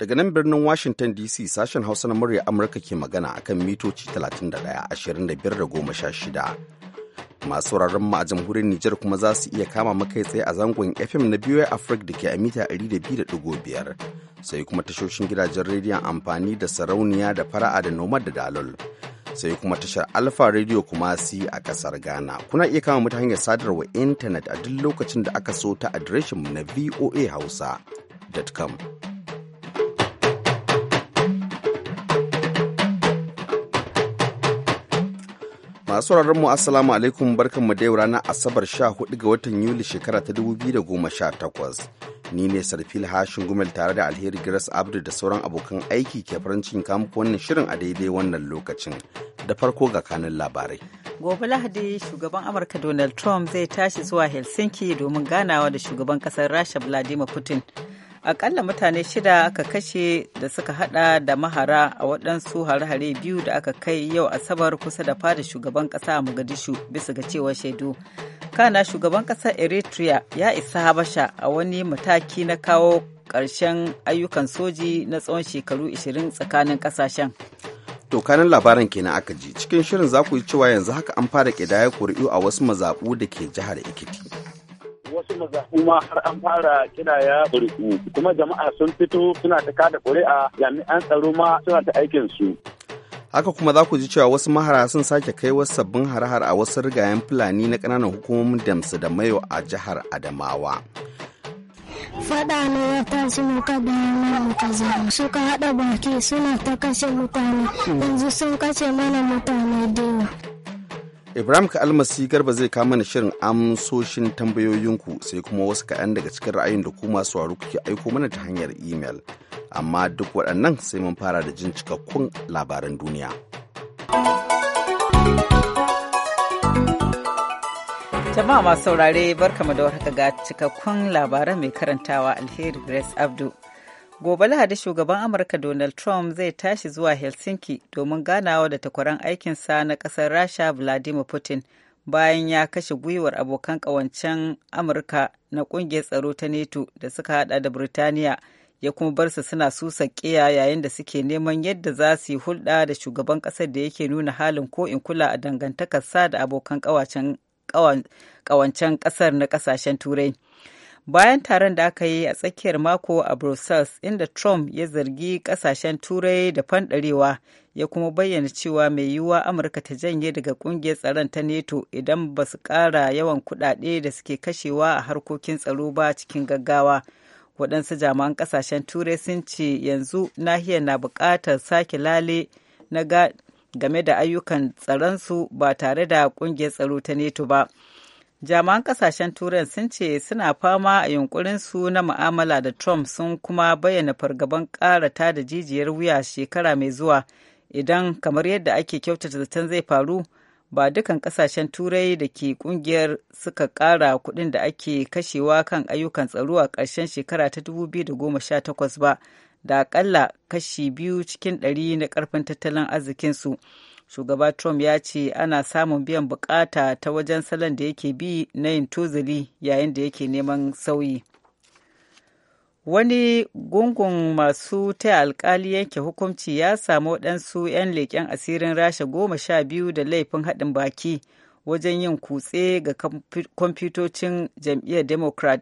Daga nan birnin Washington DC sashen Hausa na murya Amurka ke magana a kan mitoci 31 25 shida Masu wuraren mu a jamhuriyar Nijar kuma za su iya kama makai tsaye a zangon FM na BYU Africa da ke a mita 200.5 sai kuma tashoshin gidajen rediyon amfani da sarauniya da fara'a da nomad da dalol. sai kuma tashar alfa radio kuma si a kasar ghana kuna iya kama mutane hanyar sadarwa intanet a duk lokacin da aka so ta adireshinmu na voa hausa.com Masu mu Assalamu alaikum barkanmu da yau ranar Asabar 14 ga watan Yuli shekara ta 2018. Ni ne Sarfil Hashin Gumel tare da Alheri giras Abdu da sauran abokan aiki ke farancin cikin kamfa wannan shirin a daidai wannan lokacin. Da farko ga kanin labarai. Gobe Lahadi shugaban Amurka Donald Trump zai tashi zuwa Helsinki domin ganawa da shugaban kasar Rasha Vladimir Putin. akalla mutane shida aka kashe da suka hada da mahara a waɗansu hare-hare biyu da aka kai yau asabar kusa da fada shugaban ƙasa a mogadishu bisa ga cewa shaidu kana shugaban ƙasar eritrea ya isa habasha a wani mataki na kawo ƙarshen ayyukan soji na tsawon shekaru 20 tsakanin ƙasashen to kanin labaran kenan aka ji cikin shirin za ku yi cewa yanzu haka an fara ƙidaya kuri'u a wasu mazaɓu da ke jihar ekiti maza kuma har an fara kina ya burku kuma jama'a sun fito suna ta kada ƙuri'a jami'an tsaro ma suna ta aikin su. Haka kuma za ku ji cewa wasu mahara sun sake kai wasu sabbin har a wasu rigayen Fulani na ƙananan hukumomin Damsu da Mayo a jihar Adamawa. fada na wata suna kada mana kaza suka hada baki suna ta kashe mutane yanzu sun kashe mana mutane da yawa. Ibrahim Almasi Garba zai kama mana shirin amsoshin tambayoyinku sai kuma wasu kaɗan daga cikin ra'ayin da ku masu waro kuke aiko mana ta hanyar imel. Amma duk waɗannan sai mun fara da jin cikakkun labaran duniya. Jama'a masu saurare barkamu da warhaka ga cikakkun labaran mai karantawa Alheri Grace Abdu. Gobe Lahadi shugaban Amurka Donald Trump zai tashi zuwa Helsinki domin ganawa da takwaran aikinsa na kasar Rasha Vladimir Putin bayan ya kashe gwiwar abokan kawancen Amurka na ƙungiyar tsaro ta NATO da suka hada da Birtaniya ya kuma bar su suna susa ƙiya yayin da suke neman yadda za su yi hulɗa da shugaban ƙasar da yake nuna halin ko in kula a dangantakarsa da abokan ƙawancen ƙasar na ƙasashen Turai. bayan taron da aka yi a tsakiyar mako a brussels inda trump ya zargi kasashen turai da fanɗarewa ya kuma bayyana cewa mai yiwuwa amurka ta janye daga kungiyar tsaron ta neto idan ba su kara yawan kudade da suke kashewa a harkokin tsaro ba cikin gaggawa waɗansu jami'an kasashen turai sun ce yanzu nahiyar na buƙatar sake lale na game da ayyukan tsaronsu ba tare da ƙungiyar tsaro ta neto ba jami'an kasashen turai sun ce suna fama a yunƙurinsu na mu'amala da trump sun kuma bayyana fargaban karata da jijiyar wuya shekara mai zuwa idan kamar yadda ake kyautata zaton zai faru ba dukan kasashen turai da ke kungiyar suka kara kuɗin da ake kashewa kan ayyukan tsaro a ƙarshen shekara ta 2018 ba da akalla kashi biyu cikin ɗari na ƙarfin tattalin arzikinsu shugaba trump ya ce ana samun biyan bukata ta wajen salon da yake bi na yin tozali yayin da yake neman sauyi wani gungun masu taya alkali yanke hukunci ya samu waɗansu 'yan leƙen asirin rasha goma sha biyu da laifin haɗin baki wajen yin kutse ga kwamfutocin jam'iyyar democrat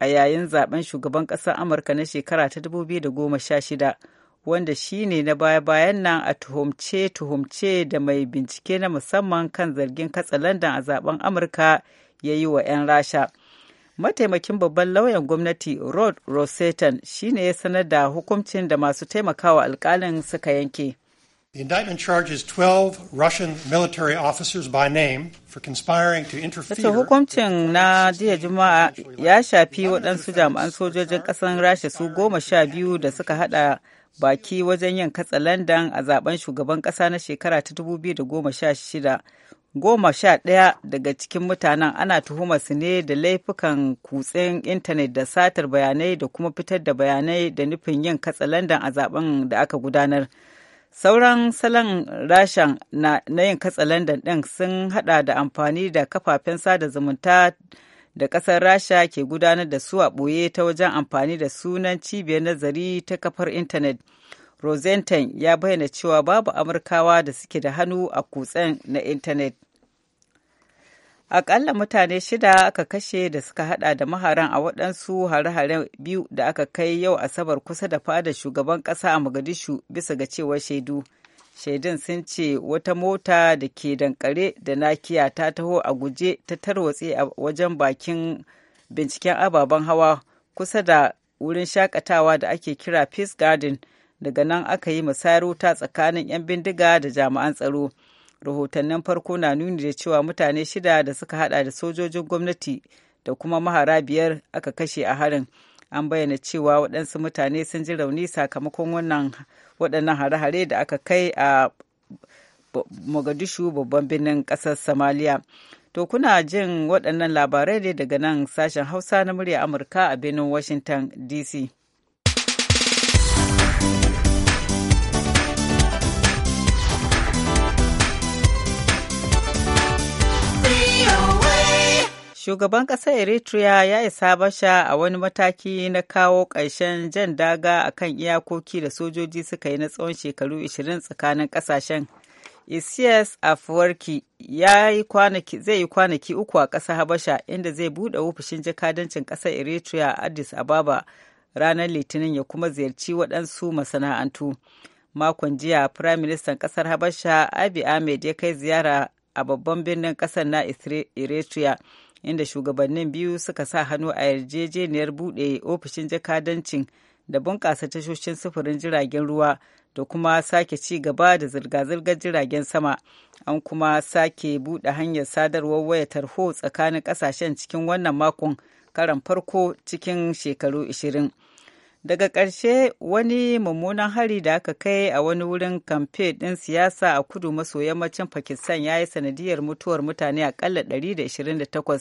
a yayin zaben shugaban ƙasar amurka na shekara ta 2016 wanda shi ne na baya-bayan nan a tuhumce-tuhumce da mai bincike na musamman kan zargin katsalandan a zaben amurka ya yi wa 'yan rasha mataimakin babban lauyan gwamnati rod rosetan shi ne ya sanar da hukuncin da masu taimakawa alkalin suka yanke The indictment charges 12 Russian military officers by name for conspiring to interfere. hukuncin na jiya Juma'a ya shafi waɗansu jami'an sojojin ƙasar Rasha su goma sha biyu da suka haɗa baki wajen yin katsalandan a zaben shugaban ƙasa na shekara ta 2016 goma sha ɗaya daga cikin mutanen ana tuhumar su ne da laifukan kutsen intanet da satar bayanai da kuma fitar da bayanai da nufin yin katsalandan a zaben da aka gudanar sauran salon rashan na, na yin katsalandan ɗin sun hada da amfani da kafafen sada zumunta da ƙasar rasha ke gudanar da su a ɓoye ta wajen amfani da sunan cibiyar nazari ta kafar intanet rosenstein ya bayyana cewa babu amurkawa da suke da hannu a kutsen na intanet akalla mutane shida aka kashe da suka hada da maharan a waɗansu hare-hare biyu da aka kai yau asabar kusa da fadar shugaban ƙasa a mogadishu bisa ga cewar shaidu shaidun sun ce wata mota da ke dankare da nakiya ta taho a guje ta tarwatse a wajen bakin binciken ababen hawa kusa da wurin shakatawa da ake kira peace garden daga nan aka yi ta tsakanin 'yan bindiga da jami'an tsaro rahotannin farko na nuni da cewa mutane shida da suka hada da sojojin gwamnati da kuma mahara biyar aka kashe a harin an bayyana cewa waɗansu mutane sun ji rauni sakamakon wannan waɗannan hare-hare da aka kai a mogadishu babban birnin ƙasar somalia to kuna jin waɗannan labarai ne daga nan sashen hausa na murya amurka a birnin washington dc Shugaban ƙasar Eritrea ya isa Basha a wani mataki na kawo ƙarshen jan daga a kan iyakoki da sojoji suka yi na tsawon shekaru 20 tsakanin ƙasashen. Isiyas afuwarki zai yi kwanaki uku a ƙasar Habasha inda zai buɗe ofishin jakadancin ƙasar Eritrea a Addis Ababa ranar Litinin ya kuma ziyarci waɗansu masana'antu. Makon jiya, Firayim Ministan ƙasar Habasha abi Ahmed ya kai ziyara a babban birnin ƙasar na Eritrea. inda shugabannin biyu suka sa hannu a yarjejeniyar buɗe ofishin jakadancin da bunƙasa tashoshin sufurin jiragen ruwa da kuma sake ci gaba da zirga-zirgar jiragen sama an kuma sake buɗe hanyar sadarwar waya tarho tsakanin ƙasashen cikin wannan makon karan farko cikin shekaru daga ƙarshe wani mummunan hari da aka kai a wani wurin kamfe ɗin siyasa a kudu maso yammacin pakistan ya yi sanadiyar mutuwar mutane akalla 128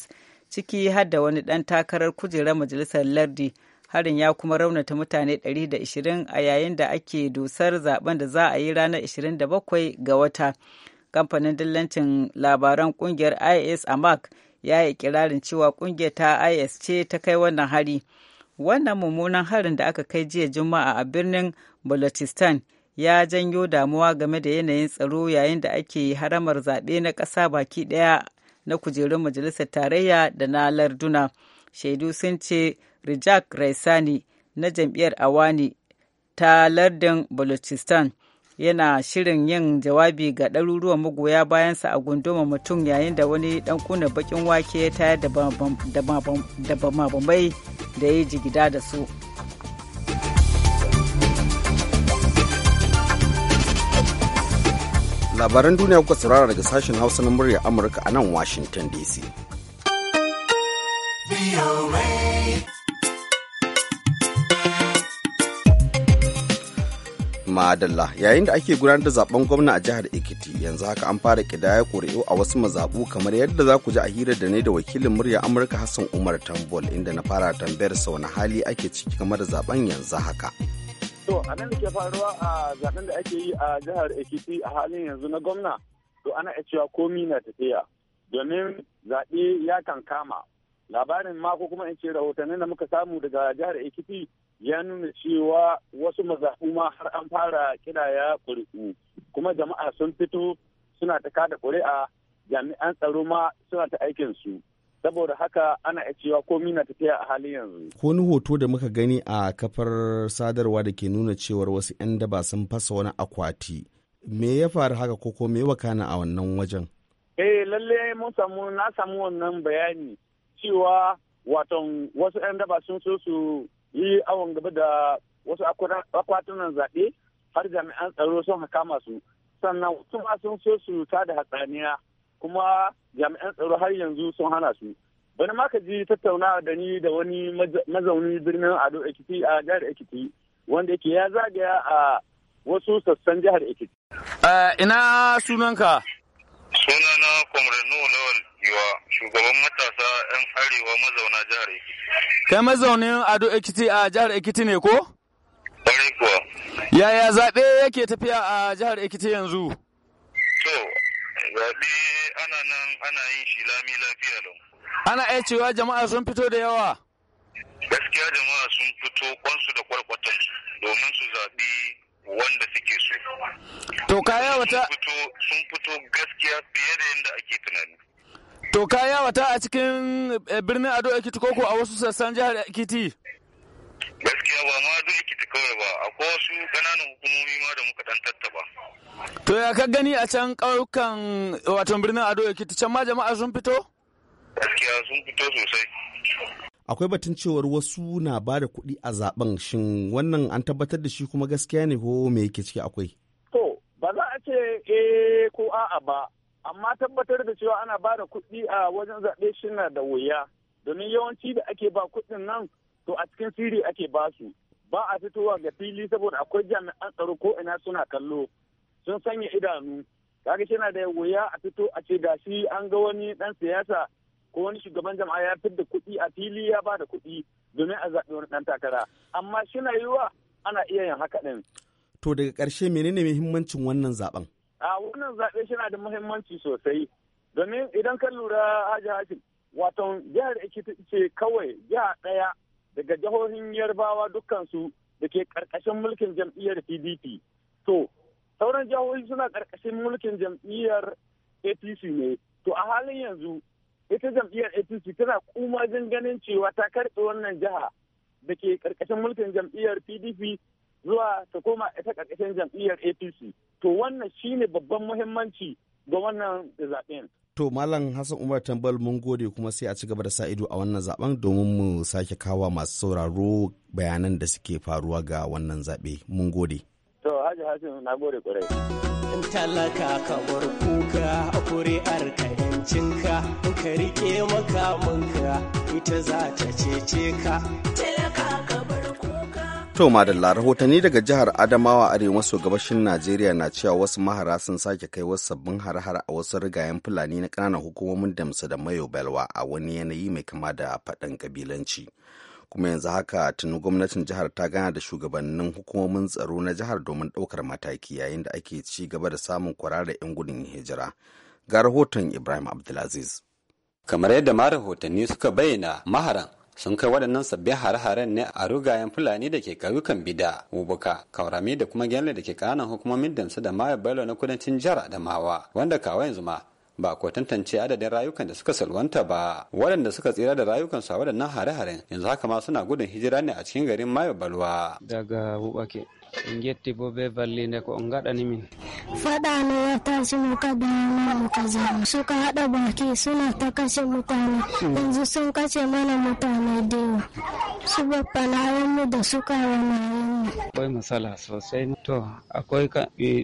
ciki har da wani ɗan takarar kujerar majalisar lardi harin ya kuma raunata mutane 120 a yayin da ake dusar zaben da za a yi ranar 27 ga wata kamfanin dillancin labaran ƙungiyar is Mark ya yi ikirarin cewa kungiyar ta is ce ta kai wannan hari. wannan mummunan harin da aka kai jiya juma'a a birnin balochistan ya janyo damuwa game da yanayin tsaro yayin da ake haramar zaɓe na ƙasa baki ɗaya na kujerun majalisar tarayya da na larduna shaidu sun ce rijak raisani na jam'iyyar awani ta lardin balochistan yana shirin yin jawabi ga ɗaruruwan magoya bayansa a gunduma mutum yayin da wani ɗan kuna bakin wake ya tayar da bamabamai da ya jigida da su. Labaran duniya kuka saurara daga sashen Hausa na murya Amurka a nan Washington DC. Madalla yayin da ake gudanar da zaben gwamna a jihar Ekiti yanzu haka an fara kidaya ƙuri'u a wasu mazaɓu kamar yadda za ku ji a hirar da ne da wakilin murya Amurka Hassan Umar Tambol inda na fara tambayar sa wani hali ake ciki kamar da zaben yanzu haka. To a nan ke faruwa a zaben da ake yi a jihar Ekiti a halin yanzu na gwamna to ana iya cewa komi na tafiya domin zaɓe ya kankama labarin mako kuma in ce rahotanni da muka samu daga jihar Ekiti ya nuna cewa wasu mazaɓu ma har an fara kiraya ƙuri'u kuma jama'a sun fito suna ta kada ƙuri'a jami'an tsaro ma suna ta aikin su saboda haka ana iya cewa komi na tafiya a halin yanzu. Wani hoto da muka gani a kafar sadarwa da ke nuna cewar wasu 'yan daba sun fasa wani akwati. Me ya faru haka ko ko me wakana a wannan wajen? Eh lalle mun samu na samu wannan bayani cewa waton wasu 'yan daba sun so su yi awon gaba da wasu akwatunan zaɓe har jami'an tsaro sun haka masu sannan wasu ma sun so su ta da hatsaniya kuma jami'an tsaro har yanzu sun hana su bani ma ka ji tattaunawa da ni da wani mazauni birnin ado ekiti a jihar ekiti wanda yake ya zagaya a wasu sassan jihar ekiti eh, ina sunanka sunana kwamrano lawal yiwa shugaban matasa 'yan arewa mazauna jihar ekiti kai mazaunin ado ekiti a jihar ekiti ne ko Kwarai kuwa yaya zaɓe yake tafiya a jihar ekiti yanzu to zaɓe ana nan ana yin shi lami lafiya lau ana iya cewa jama'a sun fito da yawa gaskiya jama'a sun fito kwansu da kwarkwatansu domin su zaɓi wanda suke so. To kaya wata sun fito gaskiya fiye da yadda ake tunani. To kaya wata a cikin eh, birnin Ado Ekiti koko a wasu sassan jihar Ekiti. Gaskiya ba ma Ado Ekiti kawai ba akwai wasu ƙananan hukumomi ma da muka dan tattaba. To ya ka gani a can ƙauyukan wato birnin Ado Ekiti can ma jama'a sun fito? Gaskiya sun fito sosai. akwai batun cewar wasu na ba da kuɗi a zaben shin wannan an tabbatar da shi kuma gaskiya ne ko me yake ciki akwai to ba za a ce e ko a'a ba amma tabbatar da cewa ana ba da kuɗi a wajen zaɓe shi na da wuya domin yawanci da ake ba kuɗin nan to a cikin sirri ake ba su ba a fitowa ga fili saboda akwai jami'an tsaro ko ina suna kallo sun sanya idanu kaga yana da wuya a fito a ce ga shi an ga wani dan siyasa ko wani shugaban jama'a ya fitar da kuɗi a fili ya ba da kuɗi domin a zaɓi wani ɗan takara amma shina yiwa ana iya yin haka ɗin. To daga ƙarshe menene muhimmancin wannan zaɓen? A wannan zaɓe na da muhimmanci sosai domin idan ka lura Hajji Hashim wato jihar Ekiti ce kawai jiha ɗaya daga jihohin Yarbawa dukkansu da ke ƙarƙashin mulkin jam'iyyar PDP. To sauran jihohi suna ƙarƙashin mulkin jam'iyyar APC ne. To a halin yanzu ita jam'iyyar apc tana kuma ganin cewa ta karɓe wannan jiha da ke karkashin mulkin jam'iyyar pdp zuwa ta koma ita karkashin jam'iyyar apc to wannan shi ne babban muhimmanci ga wannan zaɓen to malam hassan umar tambal mun gode kuma sai a ci gaba da sa ido a wannan zaben domin mu sake kawa masu sauraro bayanan da suke faruwa ga wannan zaɓe mun gode To, Haji da na gode kwarai. In talaka ka bar kuka, kuri'ar ka yancinka, in ka makamanka, ita za ta cece ka. daga jihar Adamawa arewa maso gabashin Najeriya na cewa wasu mahara sun sake kai wasu sabbin har a wasu rigayen Fulani na ƙananan hukumomin Damsa da Mayo balwa a wani yanayi mai kama da faɗan ƙabilanci. kuma yanzu haka tuni gwamnatin jihar ta gana da shugabannin hukumomin tsaro na jihar domin ɗaukar mataki yayin da ake ci gaba da samun kwararra 'yan gudun hijira ga rahoton ibrahim abdulaziz kamar yadda ma rahotanni suka bayyana maharan sun kai waɗannan sabbin hare-haren ne a rugayen fulani da ke ƙauyukan bida ubuka kaurami da kuma gyanle da ke ƙananan hukumomin damsa da maya bello na kudancin jihar adamawa wanda kawai yanzu ma ba ko tantance adadin rayukan da suka salwanta ba waɗanda suka tsira da rayukansu a waɗannan hare-haren yanzu haka ma suna gudun hijira ne a cikin garin mayo balwa daga wubake en jetti bo be vallinde ko on gaɗani min faɗa no wata shi muka dama mu kaza suka haɗa baki suna ta kashe mutane yanzu sun kashe mana mutane da yawa su babbalayen mu da suka ramayen mu akwai matsala sosai to akwai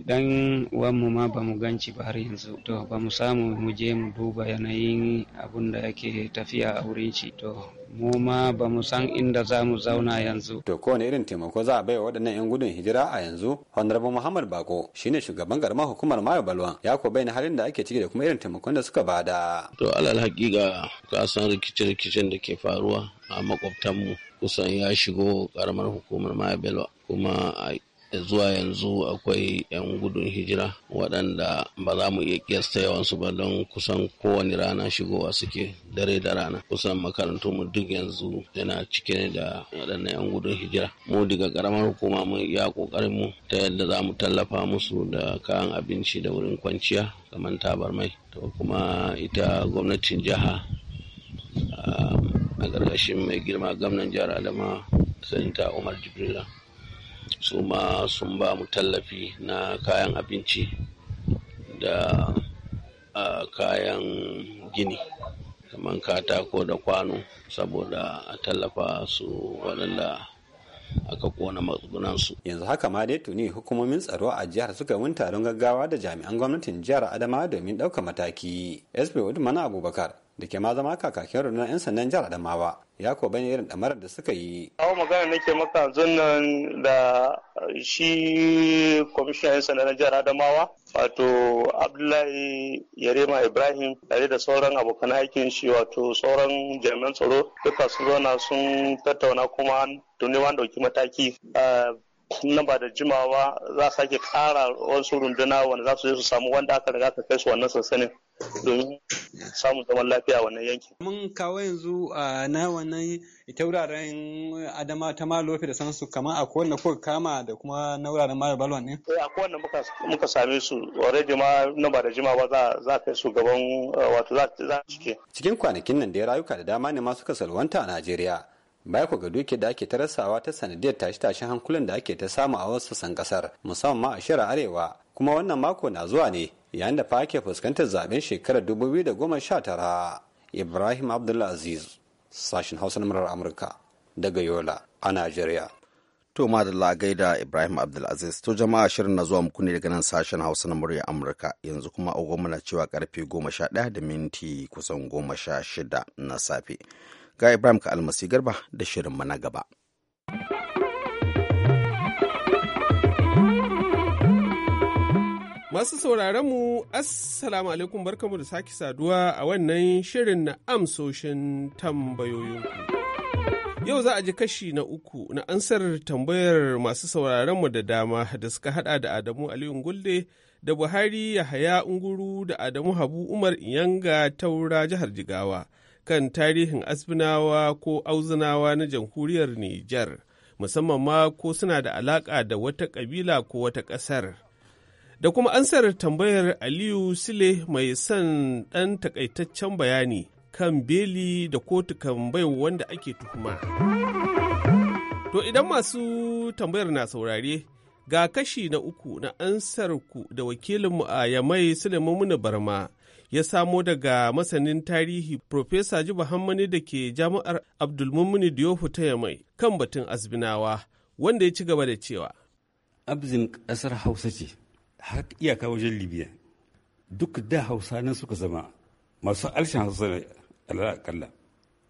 dan eh, wanmu ma ba mu ganci ba har yanzu to ba mu samu mu je mu duba yanayin abun da yake tafiya a wurin shi to mu ma ba mu san inda za mu zauna yanzu. To kowane irin taimako za a bai wa waɗannan 'yan gudun hijira a yanzu? Honorable Muhammad Bako shine shugaban garma hukumar Mayo balwa. ya ko bayyana halin da ake ciki da kuma irin taimakon da suka bada. To alal hakika ka san rikice-rikicen da ke faruwa a makwabtanmu kusan ya shigo karamar hukumar Mayo balwa. kuma zuwa yanzu akwai 'yan gudun hijira waɗanda ba za mu iya kiyasta yawansu ba don kusan kowane rana shigowa suke dare da rana kusan makarantu mu duk yanzu yana cike da waɗannan 'yan gudun hijira mu daga karamar hukuma mun iya ƙoƙarin mu ta yadda za mu tallafa musu da kayan abinci da wurin kwanciya kamar tabarmai to kuma ita gwamnatin jiha ah, a ƙarƙashin mai girma gwamnan jihar adama sanita umar jibrila su ma sun ba mu tallafi na kayan abinci da kayan gini kamar katako da kwano saboda a tallafa su waɗanda aka kona matsugunansu. Yanzu haka ma dai tuni hukumomin tsaro a jihar suka wani taron gaggawa da jami'an gwamnatin jihar Adama domin ɗauka mataki. SP mana Abubakar da ke ma zama kakakin rundunar 'yan sandan jihar Adamawa ya ko bane irin damarar da suka yi. Kawo magana nake maka yanzu nan da shi kwamishinan sana na jihar Adamawa wato Abdullahi Yarema Ibrahim tare da sauran abokan aikin shi wato sauran jami'an tsaro duka sun na sun tattauna kuma tuni wanda dauki mataki. Eh, nan ba da jimawa za a sake kara wasu runduna wanda za su je su samu wanda aka riga ka kai su wannan sansanin. domin samun zaman lafiya a wannan yankin. Mun kawo yanzu na wannan ita wuraren Adama ta Malofi da sansu kamar a kowanne kuka kama da kuma na wuraren Mara Balwan ne? Eh, a kowanne muka same su already ma na ba da jima ba za kai su gaban eh, wato za a cike. Cikin kwanakin nan da ya rayuka da dama ne ma suka salwanta a Najeriya. baya ku ga duke da ake ta rasawa ta sanadiyar tashe-tashen hankulan da ake ta samu a wasu sassan kasar musamman ma a shirin arewa kuma wannan mako na zuwa ne yayin da fa ake fuskantar zaben shekarar 2019 ibrahim abdulaziz sashen hausa na murar amurka daga yola a najeriya to madalla a gaida ibrahim abdulaziz to jama'a shirin na zuwa muku ne daga nan sashen hausa na murya amurka yanzu kuma agogo na cewa karfe goma 11 da minti kusan goma sha shida na safe ga Ibrahim ka almasi garba da shirin mana gaba. Masu sauraron mu Assalamu alaikum barkamu da sake saduwa a wannan shirin na amsoshin tambayoyinku. Yau za a ji kashi na uku na ansar tambayar masu sauraron mu da dama da suka hada da Adamu Aliyu Gulde da Buhari Yahaya Unguru da Adamu Habu Umar Iyanga taura jihar Jigawa kan tarihin asbinawa ko auzunawa na jamhuriyar Nijar, musamman ma ko suna da alaƙa da wata ƙabila ko wata ƙasar. Da kuma ansar tambayar Aliyu Sile mai son ɗan takaitaccen bayani kan beli da kotu kan bai wanda ake tuhuma. To idan masu tambayar na saurare, ga kashi na uku na ansar ku da wakilinmu a Yamai Sulemamuna Barma ya samo daga masanin tarihi Profesa Jibu Hammani da ke jami'ar Abdulmumuni Diyofu ta Yamai kan batun Azbinawa, wanda ya ci gaba da cewa. Abzin ƙasar Hausa ce, har iyaka wajen Libya, duk da Hausa nan suka zama masu alshin Hausa alaƙalla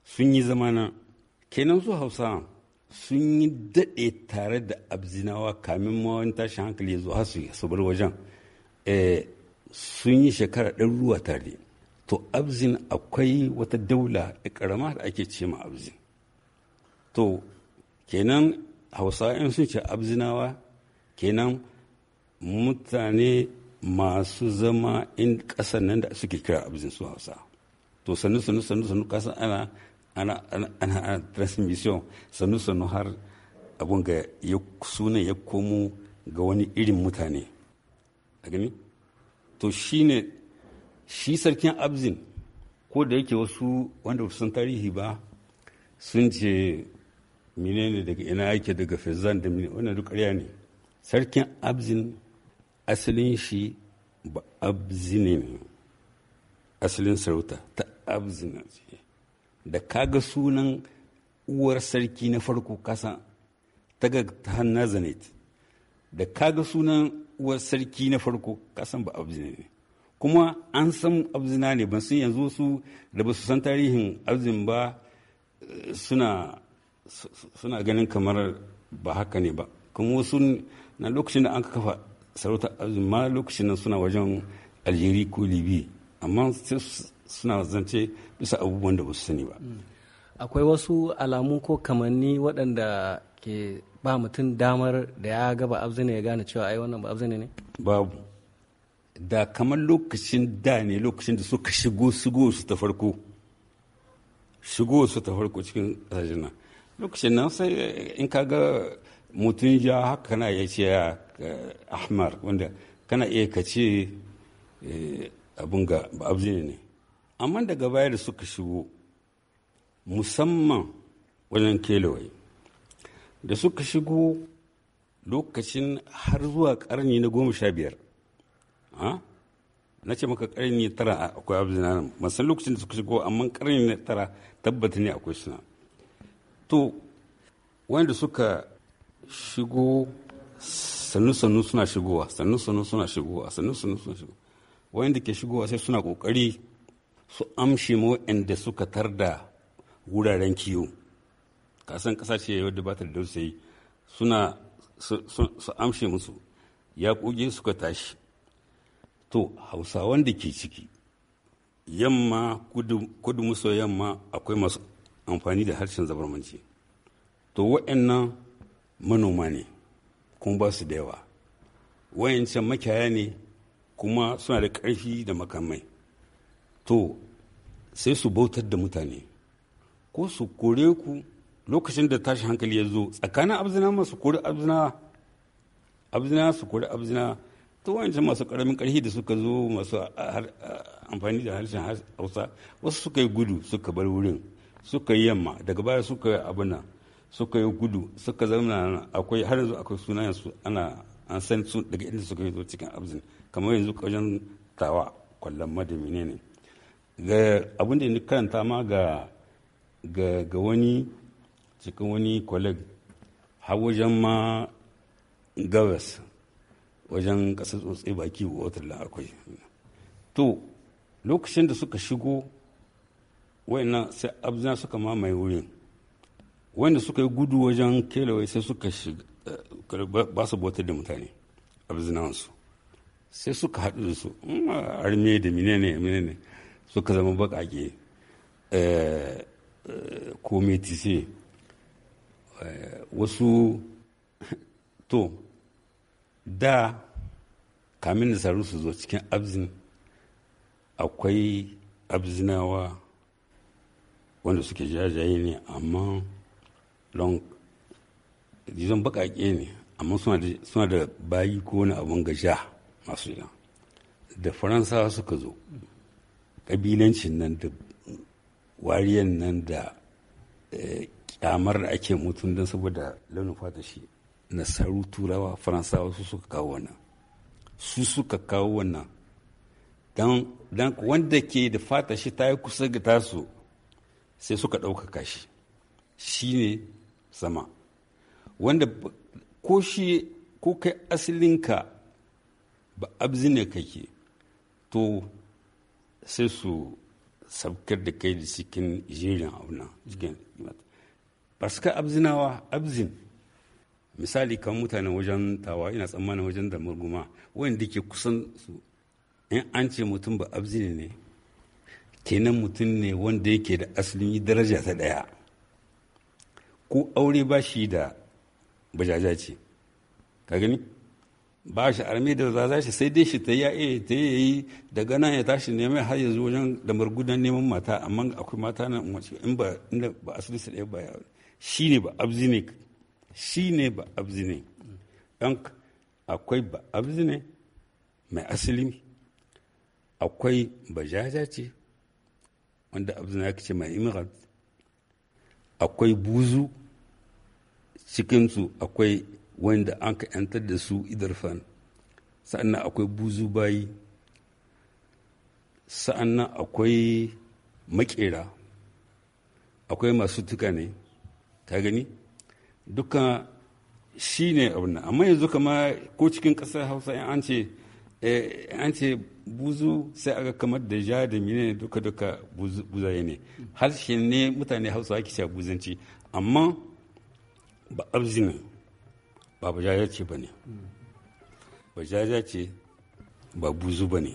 sun yi zamana. Kenan su Hausa sun yi daɗe tare da Abzinawa kamin ma wani tashin hankali zuwa har su bar wajen. Eh, sun yi shekara ɗan ruwa tare to abzin akwai wata daula da ƙarama da ake ce ma abzin to kenan hausawa sun ce abzinawa kenan mutane masu zama in ƙasar nan da suke kira abzin su hausa to sannu sannu sannu sannu ƙasa ana ana ana ana transmission sannu sannu har abun ga sunan ya komo ga wani irin mutane a gani to ne shi sarkin abzin ko da yake wasu wanda san tarihi ba sun ce menene daga ina yake daga fezzan da mine wannan duk ƙarya ne sarkin abzin asalin shi ba abzine ne asalin sarauta ta abzin da kaga sunan uwar sarki na farko kasa ta ga ta hanna da kaga sunan uwar sarki na farko kasan ba abzina ne kuma an san abzina ne ban sun yanzu su da ba su san tarihin abzin ba eh, suna suna ganin kamar ba haka ne ba kuma wasu na lokacin da an kafa sarauta abzin ma lokacin nan suna wajen aljeri ko libi amma suna zance bisa abubuwan da ba su sani ba hmm. akwai wasu alamu ko kamanni waɗanda ke ba mutum damar da ya ga ba abzane ya gane cewa ai wannan ba abzane ne babu da kamar lokacin da ne lokacin da suka shigo shigo su ta farko shigo su ta farko cikin ƙasashen nan lokacin nan sai in ka ga mutum ja haka kana iya ce eh, ahmar wanda kana iya ka ce eh, abin ga ba abzine ne amma daga baya da suka shigo musamman wajen kelewai. da suka shigo lokacin har zuwa karni na goma sha biyar na ce maka karni tara akwai abin masan lokacin da suka shigo amma karni na tara tabbata ne akwai suna to wanda suka shigo sannu-sannu suna shigowa sannu-sannu suna shigowa sannu-sannu suna shigowa wanda ke shigowa sai suna kokari su amshe ma waɗanda suka tarda wuraren kiwo kasan san ce wadda ba ta da yi suna su amshe musu ya ƙuge suka tashi to hausawan da ke ciki yamma kudu maso yamma akwai masu amfani da harshen zabarmanci to wa'annan manoma ne kuma ba su da yawa wayancan makiyaya ne kuma suna da ƙarfi da makamai to sai su bautar da mutane ko su kore ku lokacin da tashi hankali ya zo tsakanin abzina masu kori abzina abzina su kori abzina ta wancan masu karamin karfi da suka zo masu ah, ah, amfani da harshen hausa wasu suka yi gudu suka bar wurin suka yi yamma daga baya suka yi abuna suka yi gudu suka zama akwai har yanzu akwai sunayen su ana an san su daga inda suka zo cikin abzin kamar yanzu wajen tawa kwallon madami ne ne ga abin da ni karanta ma ga ga wani cikin wani kwalag har wajen ma gabas wajen kasar tsotse baki waterland akwai to lokacin da suka shigo wayannan sai abzina suka mamaye wurin wanda suka yi gudu wajen kelawai sai suka eh, ba su bautar da mutane su sai suka haɗu da su mm, arme da minene minene suka zama baƙaƙe eh, eh, kometise Eh, wasu to da kamin da saru su zo cikin abzin akwai abzinawa wanda suke jajaye ne amma don jizon bakake ne amma suna da bayi ko wani abin gaja masu ina da faransawa suka zo ƙabilancin nan da wariyan nan da eh, damar da ake mutum don saboda launin fata shi nasaru turawa faransawa su suka kawo wannan su suka kawo wannan don wanda ke da fata shi ta yi kusa ga tasu sai suka ɗaukaka shi shi ne sama wanda ko shi ko kai asilinka ba abzi ne kake to sai su sabkar da kai da cikin jirin auna cikin barsuka abzinawa abzin misali kan mutanen wajen tawa ina tsammanin wajen da murguma wanda ke kusan su in an ce mutum ba abzin ne kenan mutum ne wanda yake da asalin daraja ta ɗaya ko aure ba shi da bajaja ce ka gani ba shi arme da zaza shi sai dai shi ta ya ta yi daga nan ya tashi neman har yanzu wajen da margudan neman mata amma akwai mata nan in ba asali su ɗaya ba ya shi ne ba abzi ne shi ne ba abzi ne don akwai ba abzi ne mai asali akwai bajaja ce wanda abzi na ce mai imirat akwai buzu cikinsu akwai wanda an ka yantar da su idarfan sa'annan akwai buzu bayi sa'annan akwai makera akwai masu tuka ne ka gani duka shi ne abin amma yanzu kama ko cikin ƙasar hausa an ce eh, an ce buzu sai aga kamar da ja da mine duka duka buzaye ne harshe ne mutane hausa ake cewa buzanci amma ba abzina ba bajaja ce ba ne ce ba buzu ba ne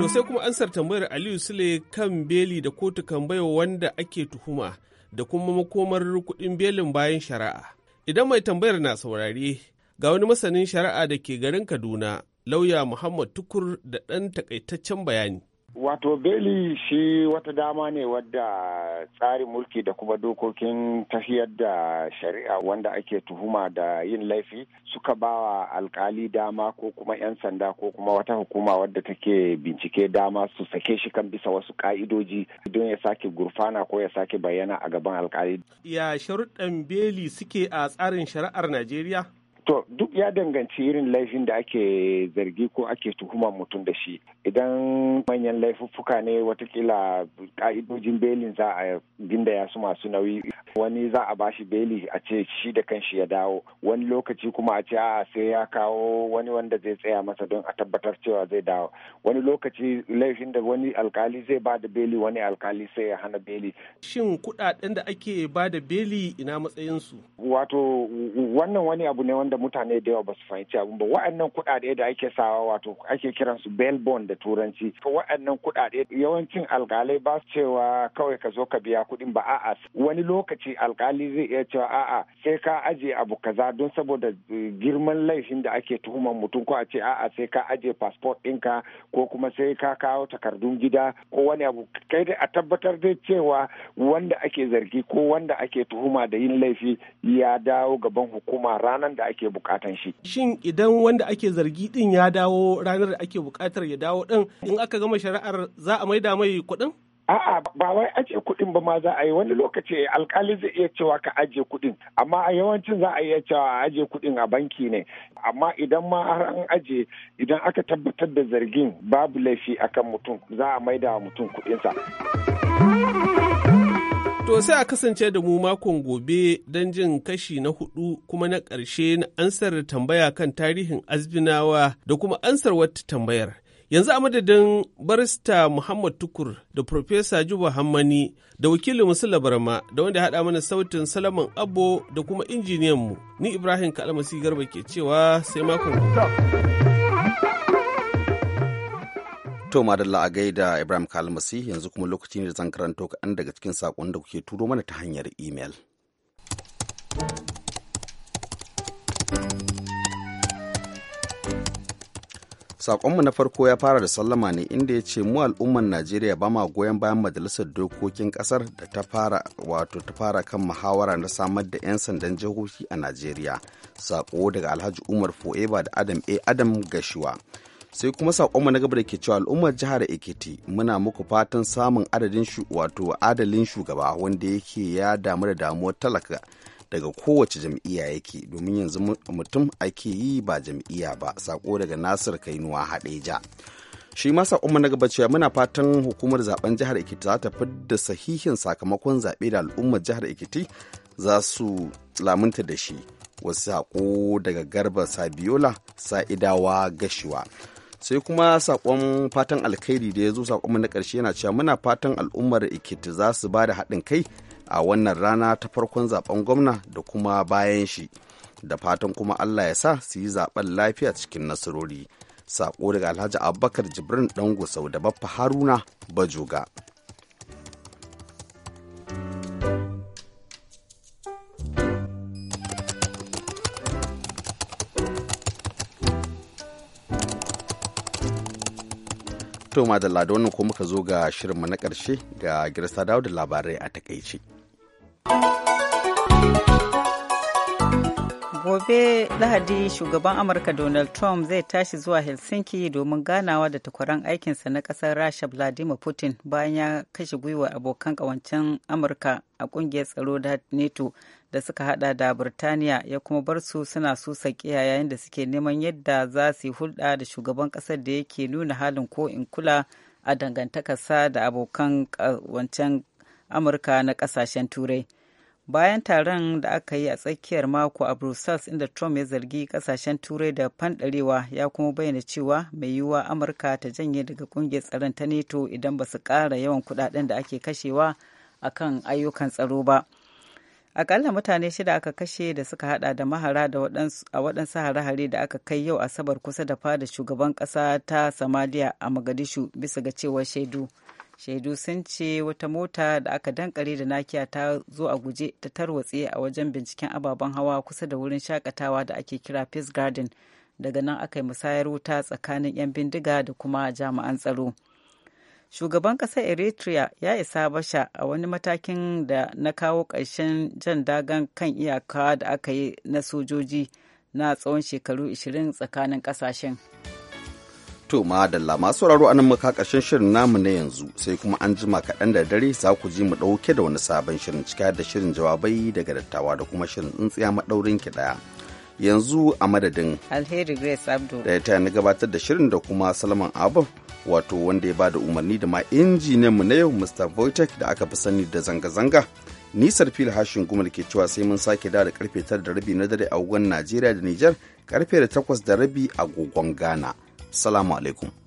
To sai kuma ansar tambayar Aliyu Sule kan beli da kotu kan baiwa wanda ake tuhuma da kuma makomar kuɗin belin bayan shari'a. Idan mai tambayar na saurare ga wani masanin shari'a da ke garin Kaduna, lauya Muhammad Tukur da ɗan takaitaccen bayani. Wato beli shi wata dama ne wadda tsarin mulki da kuma dokokin tafiyar da shari'a wanda ake tuhuma da yin laifi suka bawa alkali dama ko kuma 'yan sanda ko kuma wata hukuma wadda take bincike dama su sake shi kan bisa wasu ka'idoji don ya sake gurfana ko ya sake bayyana a gaban alkali. Ya sharuɗan beli suke a tsarin shari'ar Najeriya? To duk ya danganci irin laifin da ake zargi ko ake tuhuma mutum da shi. Idan manyan laifuffuka ne watakila ka'idojin belin za a ginda ya su masu nauyi. Wani za a bashi beli a ce shi da kanshi ya dawo. Wani lokaci kuma a ce a sai ya kawo wani wanda zai tsaya masa don a tabbatar cewa zai dawo. Wani lokaci laifin da wani alkali zai ba da beli wani alkali sai ya hana beli. Shin kuɗaɗen da ake ba da beli ina matsayinsu? Wato wannan wani abu ne wanda wanda mutane da yawa ba su fahimci abin ba wa'annan kuɗaɗe da ake sawa wato ake kiran su bail bond da turanci wa'annan kuɗaɗe yawancin alkalai ba su cewa kawai ka zo ka biya kuɗin ba a'a wani lokaci alƙali zai iya cewa a'a sai ka aje abu kaza don saboda eh, girman laifin da ake tuhuman mutum ko a ce a'a sai ka aje passport ɗinka ko kuma sai ka kawo takardun gida ko wani abu kai dai a tabbatar dai cewa wanda ake zargi ko wanda ake tuhuma da yin laifi ya dawo gaban hukuma ranar da ake ake bukatan shi. Shin idan wanda ake zargi din ya dawo ranar da ake bukatar ya dawo din in aka gama shari'ar za a maida mai kuɗin? A'a ba wai ajiye kuɗin ba ma za a yi wani lokaci alkali zai iya cewa ka ajiye kuɗin amma a yawancin za a iya cewa a ajiye kuɗin a banki ne amma idan ma har an ajiye idan aka tabbatar da zargin babu laifi akan mutum za a maida wa mutum kuɗinsa. To sai a kasance da mu makon gobe don jin kashi na hudu kuma na karshe na ansar tambaya kan tarihin azbinawa da kuma ansar wata tambayar. Yanzu a madadin barista Muhammad Tukur da Profesa Juba Hammani da wakilin Musula Barma da wanda haɗa mana sautin Salaman Abbo da kuma injiniyanmu ni Ibrahim Kalmasi Garba ke cewa sai makon gobe. To madalla a gaida Ibrahim Kalmasi yanzu kuma lokaci ne da zan karanto kaɗan daga cikin saƙon da kuke turo mana ta hanyar imel. Saƙonmu na farko ya fara da sallama ne inda ya ce mu al'umman Najeriya ba ma goyon bayan majalisar dokokin ƙasar da ta fara wato ta fara kan muhawara na samar da 'yan sandan jihohi a Najeriya. Saƙo daga Alhaji Umar Fo'eba da Adam A. Adam Gashuwa. sai kuma saƙonmu na gaba da ke cewa al'ummar jihar ekiti muna muku fatan samun adadin wato adalin shugaba wanda yake ya damu da damuwar talaka daga kowace jam'iyya yake domin yanzu mutum ake yi ba jam'iyya ba sako daga nasir kainuwa ja shi ma saƙonmu na gaba cewa muna fatan hukumar zaben jihar ekiti za ta fidda sahihin sakamakon zaɓe da al'ummar jihar ekiti za su lamunta da shi wasu saƙo daga garba sabiola sa'idawa gashiwa sai kuma sakon fatan alkhairi da ya zo sakon na ƙarshe yana cewa muna fatan al'ummar ikiti za su ba da haɗin kai a wannan rana ta farkon zaben gwamna da kuma bayan shi da fatan kuma allah ya sa su yi zaben lafiya cikin nasarori saƙo daga alhaji abubakar jibrin dango sau da baffa haruna bajoga To madalla da wannan ko muka zo ga shirinmu na karshe ga Girista Dawo da labarai a takaice. Gobe Lahadi shugaban Amurka Donald Trump zai tashi zuwa Helsinki domin ganawa da takwaran aikinsa na ƙasar Rasha Vladimir Putin bayan ya kashe gwiwa abokan ƙawancen Amurka a ƙungiyar tsaro da NATO da suka hada da Burtaniya ya kuma bar su suna su sakiya yayin da suke neman yadda za su yi hulɗa da shugaban ƙasar da yake nuna halin ko in kula a dangantakarsa da abokan wancan Amurka na ƙasashen Turai. Bayan taron da aka yi a tsakiyar mako a Brussels inda Trump ya zargi ƙasashen Turai da fanɗarewa ya kuma bayyana cewa mai yiwuwa Amurka ta janye daga ƙungiyar tsaron ta NATO idan ba su ƙara yawan kuɗaɗen da ake kashewa akan ayyukan tsaro ba. akalla mutane shida aka kashe da suka hada da mahara da a waɗansu hare-hare da aka kai yau asabar kusa da fada shugaban ƙasa ta Somalia a magadishu bisa ga cewar shaidu shaidu sun ce wata mota da aka dankare da nakiya ta zo a guje ta tarwatse a wajen binciken ababen hawa kusa da wurin shakatawa da ake kira peace garden daga nan aka yi musayar wuta tsakanin 'yan bindiga da kuma jami'an tsaro. shugaban ƙasar eritrea ya isa basha a wani matakin da na kawo ƙarshen jan dagan kan iyaka da aka yi na sojoji na tsawon shekaru 20 tsakanin ƙasashen to madalla masu sauraro anan muka ƙarshen shirin namu na yanzu sai kuma an jima kaɗan da dare za ku ji mu ɗauke da wani sabon shirin cika da shirin jawabai daga dattawa da kuma shirin tsintsiya maɗaurin ki ɗaya yanzu a madadin alheri grace abdu da ya na gabatar da shirin da kuma salman abu wato wanda ya bada umarni da ma injiniyan mu na yau Mr. Voitech da aka fi sani da zanga-zanga. Nisar fil hashin gumal ke cewa sai mun sake da da karfe tara da rabi na dare a Najeriya da Nijar karfe da takwas da rabi a gogon Ghana. Salamu alaikum.